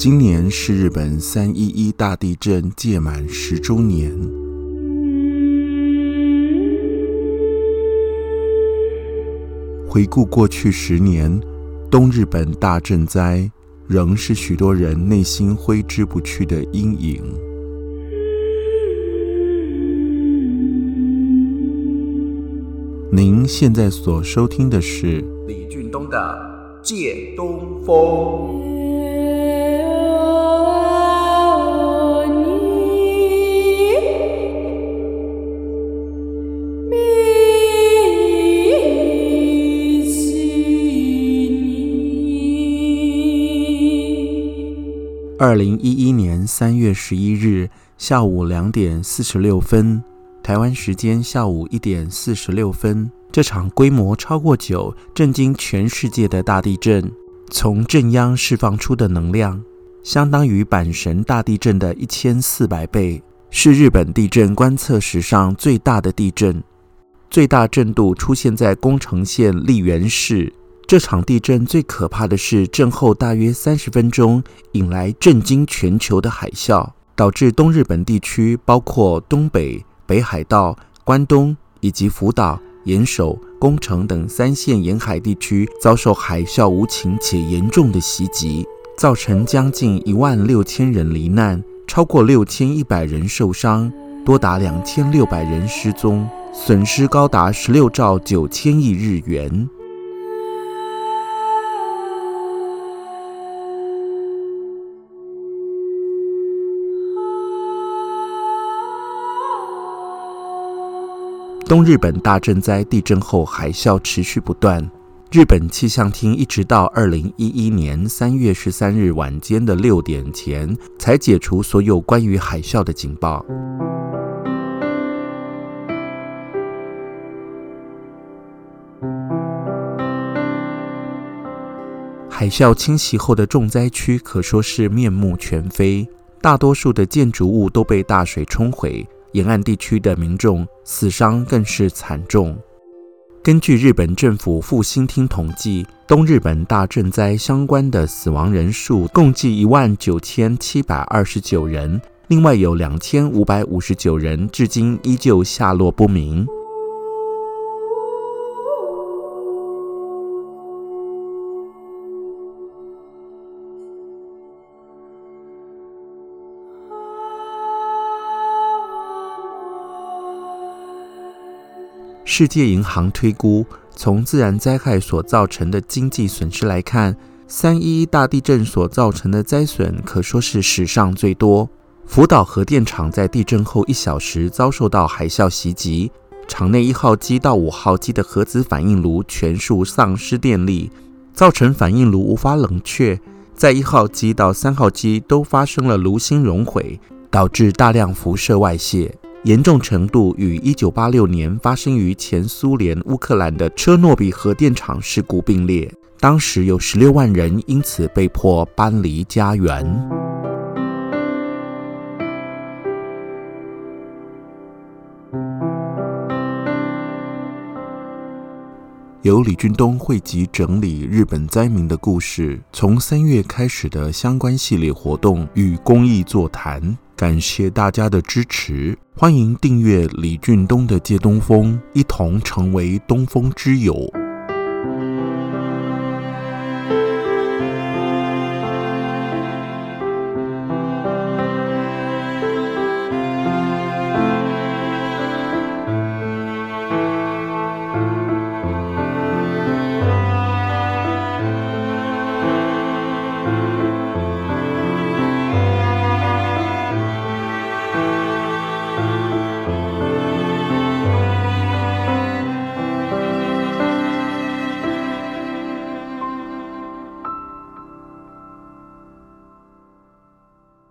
今年是日本三一一大地震屆滿十週年。回顧過去十年，東日本大震災仍是許多人內心揮之不去的陰影。您現在所收聽的是李俊東的《借東風》。二零一一年三月十一日下午兩點四十六分，台灣時間下午一點四十六分，這場規模超過九、震驚全世界的大地震，從震央釋放出的能量，相當於阪神大地震的一千四百倍，是日本地震觀測史上最大的地震。最大震度出現在宮城縣栗原市。這場地震最可怕的是，震後大約三十分鐘，引來震驚全球的海嘯，導致東日本地區，包括東北、北海道、關東以及福島、岩手、宮城等三縣沿海地區，遭受海嘯無情且嚴重的襲擊，造成將近一萬六千人罹難，超過六千一百人受傷，多達兩千六百人失蹤，損失高達十六兆九千億日元。東日本大震災地震後，海嘯持續不斷。日本氣象廳一直到二零一一年三月十三日晚間的六點前，才解除所有關於海嘯的警報。海嘯侵襲後的重災區可說是面目全非，大多數的建築物都被大水沖毀。沿岸地區的民眾死傷更是慘重。根據日本政府復興廳統計，東日本大震災相關的死亡人數共計一萬九千七百二十九人，另外有兩千五百五十九人至今依舊下落不明。世界銀行推估，從自然災害所造成的經濟損失來看，三一一大地震所造成的災損可說是史上最多。福島核電廠在地震後一小時遭受到海嘯襲擊，廠內一號機到五號機的核子反應爐全數喪失電力，造成反應爐無法冷卻，在一號機到三號機都發生了爐心熔毀，導致大量輻射外洩。嚴重程度與一九八六年發生於前蘇聯烏克蘭的車諾比核電廠事故並列，當時有十六萬人因此被迫搬離家園。由李俊東匯集整理日本災民的故事，從三月開始的相關系列活動與公益座談。感謝大家的支持，歡迎訂閱李俊東的借東風，一同成為東風之友。